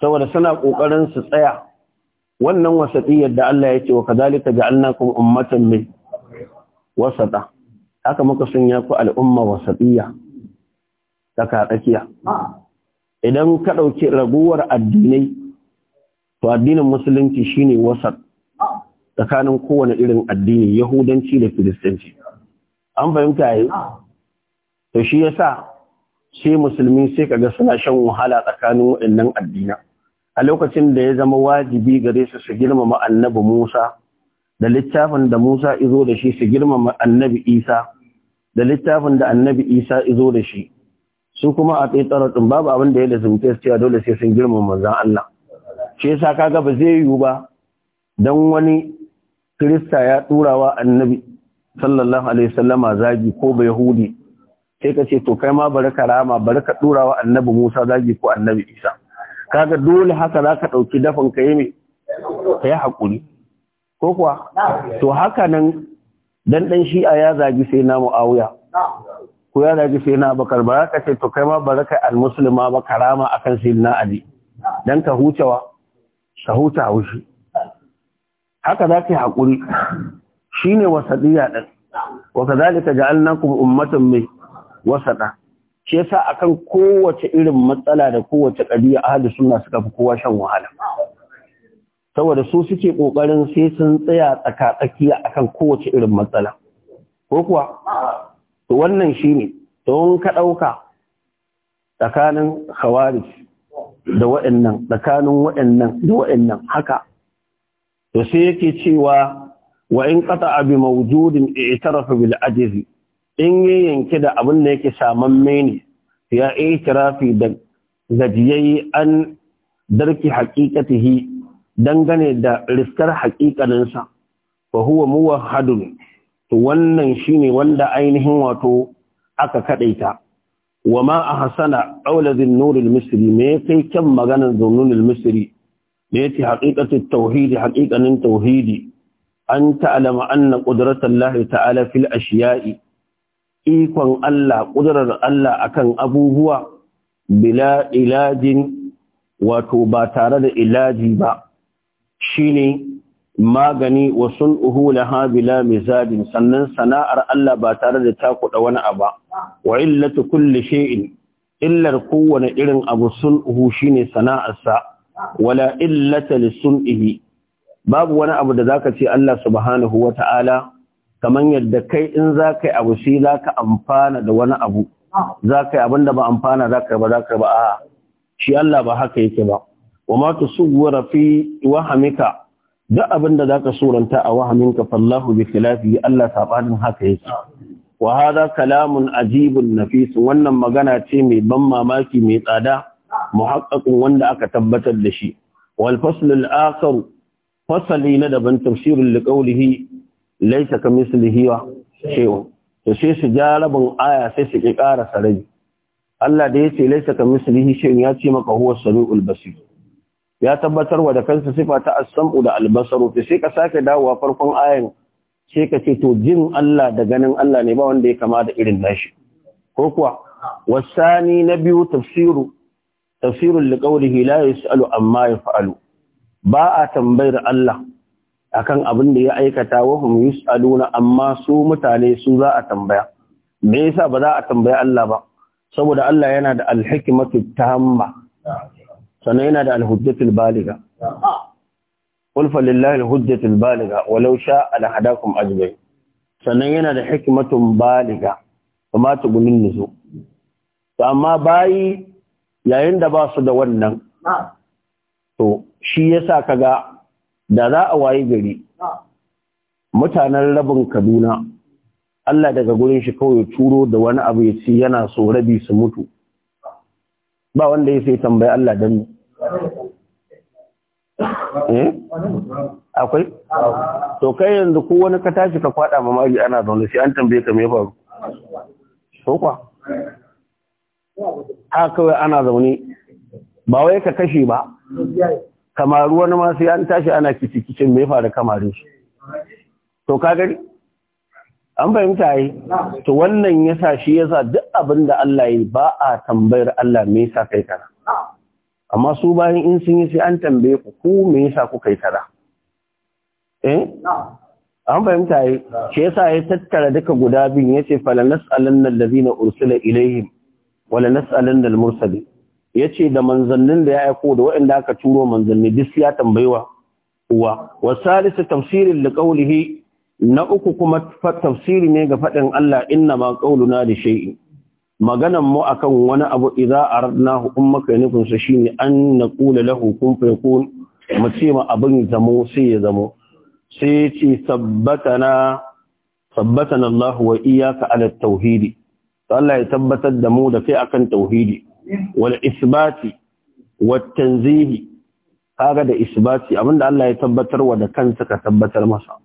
saboda suna kokarin su tsaya wannan wasatiyar da Allah ya ce wa ga ja'alnakum ummatan min wasata haka muka sanya ku al'umma wasatiyya tsaka tsakiya idan ka dauki raguwar addinai to addinin musulunci shine wasat tsakanin kowane irin addini yahudanci da kiristanci an fahimta yi to shi yasa sai musulmi sai kaga suna shan wahala tsakanin waɗannan addinai. a lokacin da ya zama wajibi gare su su girmama annabi Musa da littafin da Musa izo da shi su girmama annabi Isa da littafin da annabi Isa izo da shi su kuma a tsaitsar Tun babu abin da ya lazumta su cewa dole sai sun girmama manzon Allah shi yasa kaga ba zai yiwu ba dan wani Kirista ya turawa annabi sallallahu alaihi wasallama zagi ko ba Yahudi sai ka ce to kai ma bari karama rama bari ka turawa annabi Musa zagi ko annabi Isa kaga dole haka za ka ɗauki dafin ka yi mai ka ko kuwa to haka nan dan dan shi'a ya zagi sai na mu'awiya ko ya zagi sai na bakar ba ka ce to kai ma ba za ka almusulma ba karama akan sai na ali dan ka hucewa ka huta haushi haka za ka yi hakuri shine ne wa ka ja'alnakum ummatan mai wasaɗa shi yasa akan kowace irin matsala da kowace ƙariya ahli sunna suka fi kowa shan wahala saboda su suke ƙoƙarin sai sun tsaya tsaka tsakiya akan kowace irin matsala ko kuwa to wannan shine don ka dauka tsakanin khawarij da wa'annan tsakanin wa'annan da wa'annan haka to sai yake cewa wa in qata'a bi mawjudin i'tarafa bil ajzi in yi yanki da abin da yake samamme ne ya itirafi da gajiyayi an darki haƙiƙatihi dangane da riskar haƙiƙaninsa fa huwa muwahhadun to wannan shine wanda ainihin wato aka kadaita wama ahsana auladin nuril misri me kai kan maganar zununil misri me yace haqiqatu tauhidi haƙiƙanin tauhidi an ta'lama anna qudratullahi ta'ala fil ashiya'i ikon Allah ƙudurar Allah akan abubuwa bila ilajin wato ba tare da ilaji ba shine magani wa sun'uhu laha bila mizajin sannan sana'ar Allah ba tare da takuda wani abu wa illatu kulle shay'in illar kowane irin abu sun'uhu shine sana'arsa wala illata li sun'ihi babu wani abu da zaka ce Allah subhanahu wata'ala kamar yadda kai in za ka yi abu shi za ka amfana da wani abu za ka yi abin da ba amfana za ka ba za ka ba a shi Allah ba haka yake ba wa ma tu suwara fi wahamika duk abin da za ka suranta a wahaminka fallahu bi khilafi Allah sabanin haka yake wa hadha kalamun ajibun nafis wannan magana ce mai ban mamaki mai tsada muhaqqaqun wanda aka tabbatar da shi wal fasl akhar fasali na daban tafsirul liqawlihi laisa ka mislihi wa shay'un to sai su ja aya sai su ki ƙara sarabi Allah da yace laisa ka mislihi shay'un ya ce maka huwa samiul basir ya tabbatar wa da kansa sifa ta as da al-basaru to sai ka sake dawowa farkon ayan sai ka ce to jin Allah da ganin Allah ne ba wanda ya kama da irin nashi ko kuwa wasani na biyu tafsiru tafsirul liqawlihi la yasalu amma yafalu ba a tambayar Allah akan abin da ya aikata wa hum yus'aluna amma su mutane su za a tambaya me yasa ba za a tambaya Allah ba saboda Allah yana da al-hikmatu tamma sannan yana da al-hujjatul baliga qul fa lillahi al-hujjatul baliga walau sha'a la hadakum sannan yana da hikmatun baliga kuma tugunin nuzu amma bayi yayin da ba su da wannan to shi yasa kaga da za a waye gari mutanen rabin kaduna Allah daga gurin shi kawai turo da wani abu ya ce yana so rabi su mutu ba wanda ya sai tambayi Allah don
ne. eh akwai to
kai yanzu ko wani ka tashi ka kwada mari ana zaune sai an tambaye ka me faru so kwa ha kawai ana zaune ba wai ka kashe ba kamaru wani ma sai an tashi ana kicikicin mai faru kamarin shi to ka gari an fahimta yi to wannan ya sa shi yasa duk abin da Allah yi ba a tambayar Allah me yasa kai kana amma su bayan in sun yi sai an tambaye ku ku me yasa kuka yi kaza eh an fahimta yi shi yasa ya tattara duka guda biyun yace falanas nas'alanna allazina ursila ilaihim wala nas'alanna al-mursalin ya ce da manzannin da ya aiko da waɗanda aka turo manzanni duk ya tambayewa uwa wa salisu tafsirin da qaulihi na uku kuma tafsiri ne ga faɗin Allah inna ma qauluna da shaii maganan mu akan wani abu idza a ummaka nufin sa shine an naqula lahu kun fayakun mu ce ma abin zamo sai ya zamo sai ya ce sabbatana Allah wa iyyaka ala tauhidi Allah ya tabbatar da mu da kai akan tauhidi wal isbati wat tanzihi kaga da isbati abinda Allah ya tabbatar wa da kansa ka tabbatar masa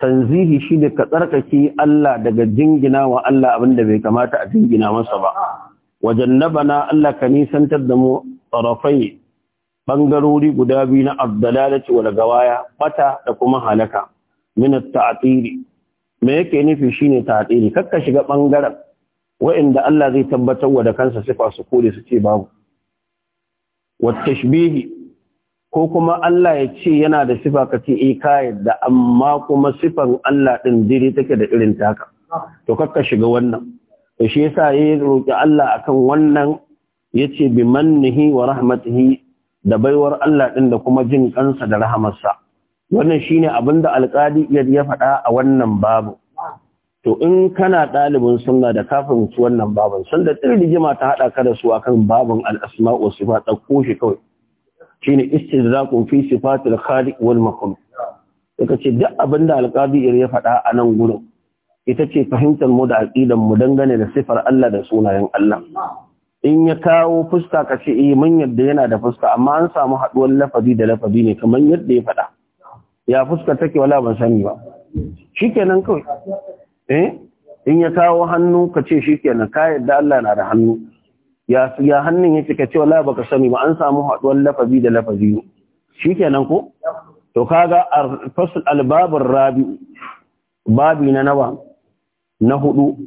tanzihi shine ka tsarkake Allah daga jingina wa Allah abinda bai kamata a jingina masa ba Wajen wajannabana Allah ka nisantar da mu tarafai bangarori guda biyu na abdalalati wal gawaya bata da kuma halaka min at-ta'tiri me yake nufi shine ta'tiri kakka shiga bangaren wa'inda Allah zai tabbatar wa da kansa sifa su kore su ce babu wattashbihi ko kuma Allah ya ce yana da sifa ka ce eh ka yadda amma kuma sifan Allah din dire take da irin taka to kakka shiga wannan to shi yasa ya roki Allah akan wannan yace bi mannihi wa rahmatihi da baiwar Allah din da kuma jin kansa da rahamarsa wannan shine abinda alƙali ya faɗa a wannan babu to in kana ɗalibin sunna da kafin su wannan babin san da tsir rigima ta haɗa ka da su akan babin al'asma wa sifa ko shi kawai shine ku fi da khaliq wal makhluq ka ce duk abin da iri ya fada a nan gurin ita ce fahimtar mu da aqidan mu dangane da sifar Allah da sunayen Allah in ya kawo fuska ka ce eh mun yadda yana da fuska amma an samu haɗuwar lafazi da lafazi ne kamar yadda ya faɗa ya fuska take wala ban sani ba shikenan kawai eh in ya kawo hannu ka ce shikenan ka yadda Allah na da hannu ya ya hannun yake ka ce wallahi baka sani ba an samu haduwar lafazi da lafazi shikenan ko to kaga fasl albabur rabi babi na nawa na hudu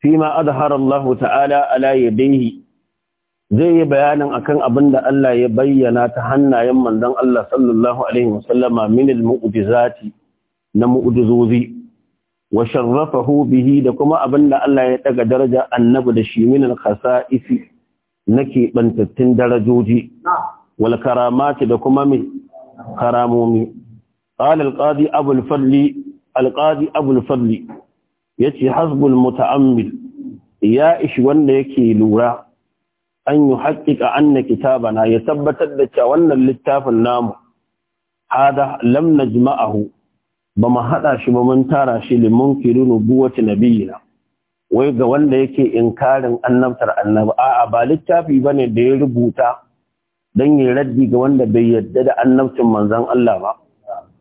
fima azhara Allah ta'ala ala yadayhi zai yi bayanin akan abin da Allah ya bayyana ta hannayen manzon Allah sallallahu alaihi wasallama min al na mu'jizozi wa sharrafahu bihi da kuma abin da Allah ya daga daraja annabi da shi min khasaisi nake bantattun darajoji wal karamati da kuma mi karamomi qala al-qadi abu al-fadli al-qadi abu al-fadli yace hasbul muta'ammil ya ishi wanda yake lura an yi haƙiƙa kitaba na ya tabbatar da cewa wannan littafin namu hada lam najma'ahu ba mu haɗa shi ba mun tara shi limun kiru nubuwati nabiyina wai ga wanda yake inkarin annabtar annabi a'a ba littafi bane da ya rubuta dan ya raddi ga wanda bai yadda da annabcin manzon Allah ba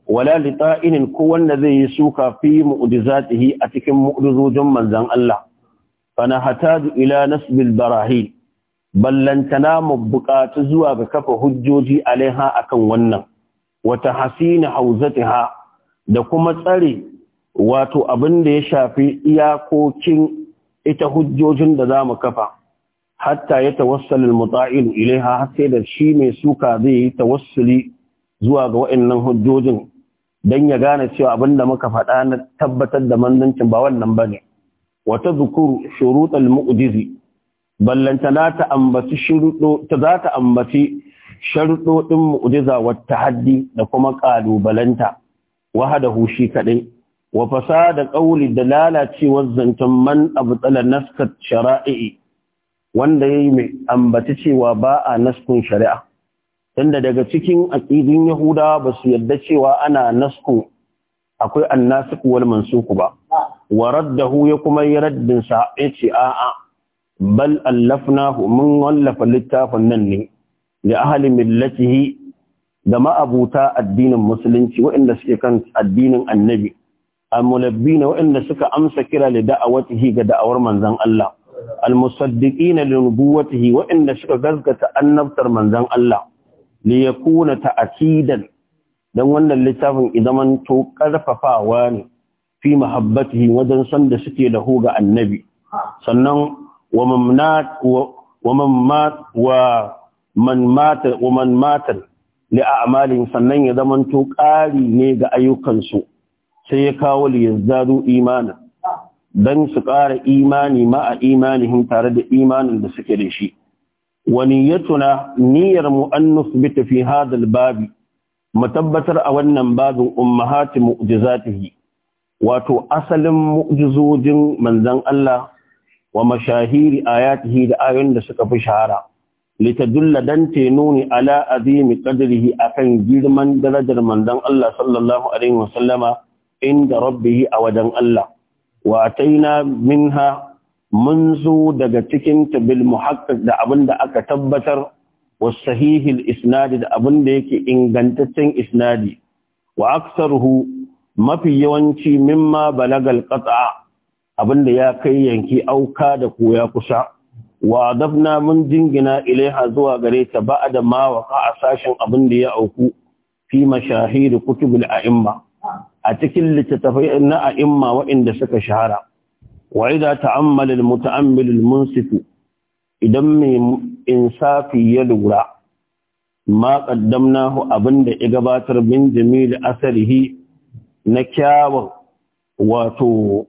wala li ta'inin ko wanda zai yi suka fi mu'udizatihi a cikin mu'jizojin manzon Allah fa nahataju ila nasbil barahin ballantana mu buƙatu zuwa ga kafa hujjoji alaiha akan wannan wata hasina hauzatiha da kuma tsare wato abin da ya shafi iyakokin ita hujjojin da za mu kafa hatta ya tawassali al-muta'il ilaiha har sai da shi mai suka zai yi tawassuli zuwa ga wa'annan hujjojin dan ya gane cewa abin da muka faɗa na tabbatar da mandancin ba wannan bane wata zukuru shurut al ballanta na ta ambaci shurudo ta za ta ambaci sharuɗoɗin mu'jiza wa tahaddi da kuma ƙalubalanta wahadahu shi kaɗai. wa da ƙauli da lalacewar zantan man abtala naskar shara'i wanda yayi mai ambaci cewa ba a naskun shari'a tunda daga cikin aqidin yahuda ba su yadda cewa ana nasku akwai annasik wal mansuku ba wa raddahu ya kuma yi raddin sa a'a bal allafnahu mun wallafa littafin nan ne li ahli millatihi da ma'abuta addinin musulunci waɗanda suke kan addinin annabi al-mulabbina waɗanda suka amsa kira li da'awatihi ga da'awar manzon Allah al-musaddiqina li nubuwatihi waɗanda suka gaskata annabtar manzon Allah li yakuna ta'kidan dan wannan littafin idan to karfafawa ne fi mahabbatihi wajen san da suke da hu ga annabi sannan wa mamnat wa man wa man li a'malin sannan ya zamanto ƙari ne ga ayyukansu sai ya kawo li yazdadu imana dan su ƙara imani ma'a imanihim tare da imanin da suke da shi wa niyyatuna niyyar mu an nusbita fi hadal babi mu tabbatar a wannan babin ummahati mu'jizatihi wato asalin mu'jizojin manzon Allah wa mashahiri ayatihi da ayoyin da suka fi shahara litadulla dan te nuni ala azimi qadrihi akan girman darajar manzon Allah sallallahu alaihi wasallama inda rabbihi a wajen Allah wa ataina minha mun zo daga cikin tabil muhaqqaq da abin da aka tabbatar was sahihil isnadi da abin da yake ingantaccen isnadi wa aktsaruhu mafi yawanci mimma balagal qat'a abin da ya kai yanki auka da koya kusa wa dafna mun jingina ilaiha zuwa gare ta ba'da ma waqa a sashen abin da ya auku fi mashahir kutubul a'imma a cikin littattafai na a'imma waɗanda suka shahara wa idza ta'ammala al-muta'ammil al-munsifu idan mai insafi ya lura ma qaddamnahu abinda ya gabatar min jamil asarihi na kyawun wato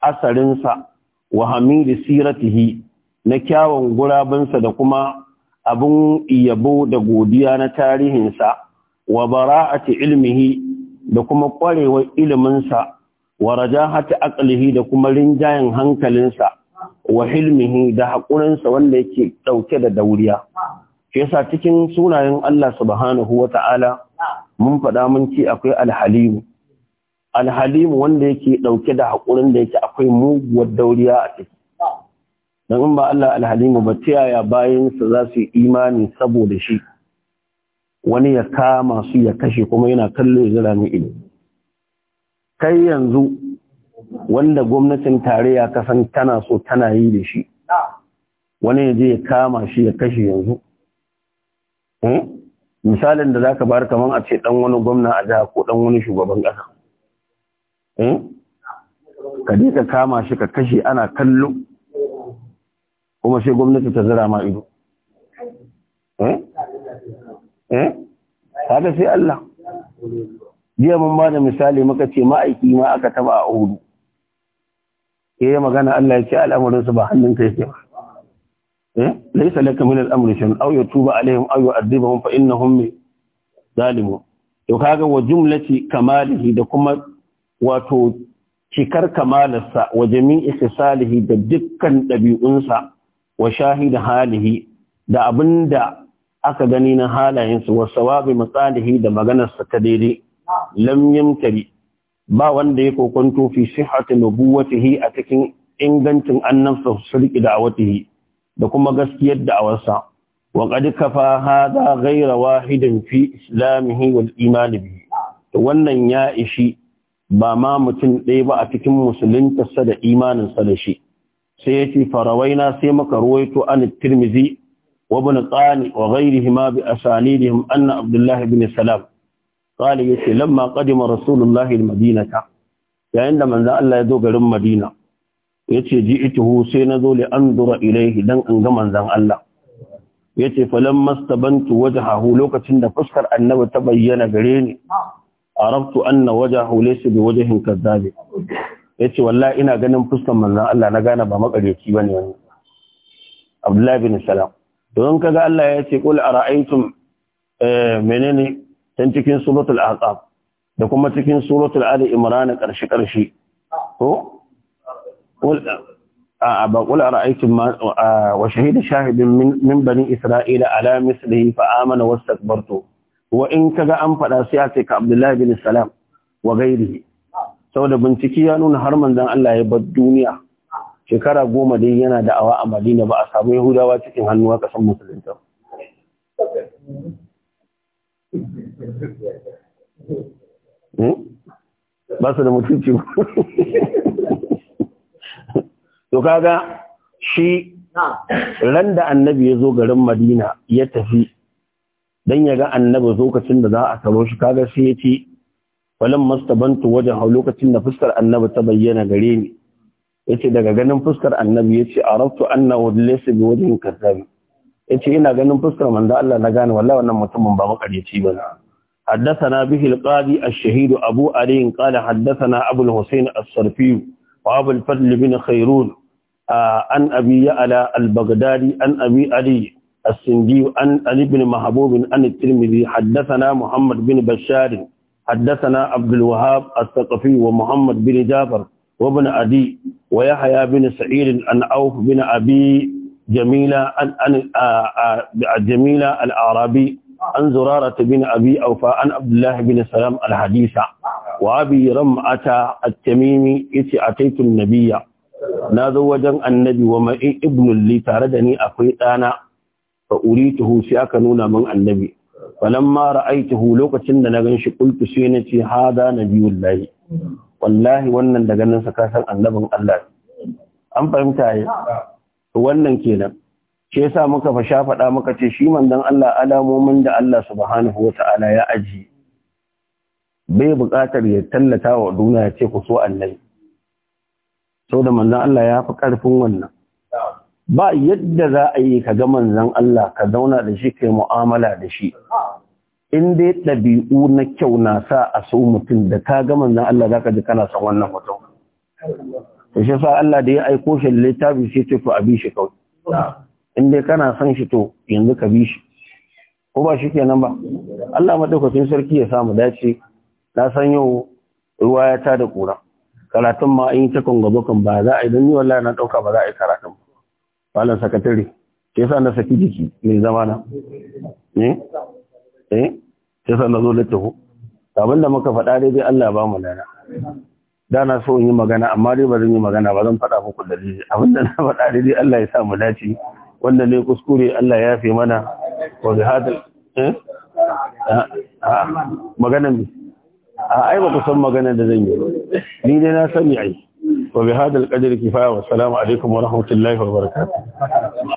asarinsa wa hamidi siratihi na kyawun gurabinsa da kuma abin yabo da godiya na tarihinsa wa bara'ati ilmihi da kuma ƙwarewar iliminsa wa rajahati aqlihi da kuma rinjayen hankalinsa wa hilmihi da haƙurinsa wanda yake ɗauke da dauriya Ke sa cikin sunayen Allah subhanahu wa Ta'ala mun faɗa mun ce akwai alhalimu alhalimu wanda yake ɗauke da haƙurin da yake akwai muguwar dauriya a ciki dan in ba Allah alhalimu ba ta yaya bayansa za su yi imani saboda shi wani ya kama su ya kashe kuma yana kallo ya zira mai ido kai yanzu wanda gwamnatin tarayya kasan tana so tana yi da shi wani ya je ya kama shi ya kashe yanzu hmm? misalin da zaka bar kaman a ce dan wani gwamna a jiha ko dan wani shugaban ƙasa hmm? ka je ka kama shi ka kashe ana kallo kuma sai gwamnati ta zira ma ido eh eh haka sai Allah jiya mun ba da misali muka ce ma'aiki ma aka taba a hudu eh magana Allah ya ce al'amarin su ba hannun kai ke ba eh laysa laka min al-amri shay'un aw yatuba alaihim aw yu'adhibahum fa innahum zalimun to kaga wa jumlati kamalihi da kuma wato cikar kamalarsa wa jami'i salihi da dukkan ɗabi'unsa wa shahida halihi da abinda aka gani na halayensu wa sawabi matsalihi da maganarsa ta daidai lam yamtari ba wanda ya kokonto fi sihhati nubuwatihi a cikin ingancin annabsa da da'awatihi da kuma gaskiyar da'awarsa wa qad kafa gaira ghayra wahidin fi islamihi wal iman bihi wannan ya ishi ba ma mutum ɗaya ba a cikin musulunta sa da imanin sa da shi sai yace farawaina sai muka ruwaito an tirmizi wa ibn qani wa ghayrihima bi asanidihim anna abdullah ibn salam qala yace lamma qadima rasulullah almadinata yayin da manzo Allah ya zo garin Madina yace ituhu sai nazo li anzura ilayhi dan an ga manzon Allah yace falamma stabantu wajhahu lokacin da fuskar annabi ta bayyana gare ni arabtu anna wajhahu laysa biwajhin kadhabi ya ce wallah ina ganin fuskan manzan Allah na gane ba makaryaci ba ne wani abdullahi bin salam don kaga Allah ya ce a ra'aitun eh, menene tan cikin suratul ahqaf da kuma cikin suratul ali imran ƙarshe karshe ko kul a ba a ara'aytum wa shahida shahidin min bani isra'ila ala mislihi fa amana wastakbartu wa in kaga an faɗa sai ya ce ka abdullahi bin salam wa ghairihi saboda binciki ya nuna har manzon Allah ya bar duniya shekara goma dai yana da'awa a Madina ba a samu Yahudawa cikin hannuwa kasan musulunta hmm? ba su da mutunci to kaga shi ran da annabi ya zo garin Madina ya tafi dan ya ga annabi lokacin da za a taro shi kaga sai ya ce falan mastabantu wajen hau lokacin da fuskar annabi ta bayyana gare ni yace daga ganin fuskar annabi yace araftu annahu laysa biwajhin kadhab yace ina ganin fuskar manzo Allah na gane wallahi wannan mutumin ba makarici ba haddathana bihi alqadi ash-shahid abu ali qala haddathana abu al-husayn as-sarfi wa abu al-fadl bin khairun an abi ala al-baghdadi an abi ali السندي عن علي بن محبوب عن الترمذي حدثنا محمد بن بشار حدثنا عبد الوهاب الثقفي ومحمد بن جابر وابن أدي ويحيى بن سعيد عن أوف بن أبي جميلة عن جميلة الأعرابي عن زرارة بن أبي أوفى عن عبد الله بن سلام الحديثة وأبي رمعة التميمي إتي أتيت النبي ناذو وجن النبي وما ابن اللي تاردني أخي أنا فأريته سيأكنون من النبي mara ra'aituhu lokacin da na ganshi qultu sai na ce hada nabiyullahi wallahi wannan da ganin sa ka annabin Allah an fahimta yi wannan kenan shi yasa muka fa sha faɗa muka ce shi manzon Allah alamomin da Allah subhanahu wa ta'ala ya aji bai buƙatar ya tallata wa duniya ce ku so annabi saboda manzon Allah ya fi ƙarfin wannan ba yadda za a yi ka ga manzan Allah ka zauna da shi kai mu'amala da shi in dai ɗabi'u na kyau na sa a so mutum da ka ga manzan Allah ka ji kana son wannan mutum to shi sa Allah da ya aiko shi littafi shi ce ku a bi shi kawai in dai kana son shi to yanzu ka bi shi ko ba shi kenan ba Allah madaukakin sarki ya samu dace na san yau ruwa ya da kura karatun ma an yi ta kan ba za a yi don ni wallahi na ɗauka ba za a yi karatun ba Falon sakatare ke sa na saki jiki mai zama na eh eh ke sa na zo da taho abin da muka faɗa dai dai Allah ba mu lana da na so in yi magana amma dai ba zan yi magana ba zan faɗa muku dalili abin da na faɗa dai dai Allah ya sa mu dace wanda ne kuskure Allah ya fi mana wa bi hadal eh
ah, ah,
magana mi a ah, ai ba ku san magana da zan yi ni dai na sani ai wa bi hadal qadri kifaya wa assalamu alaikum wa rahmatullahi wa
barakatuh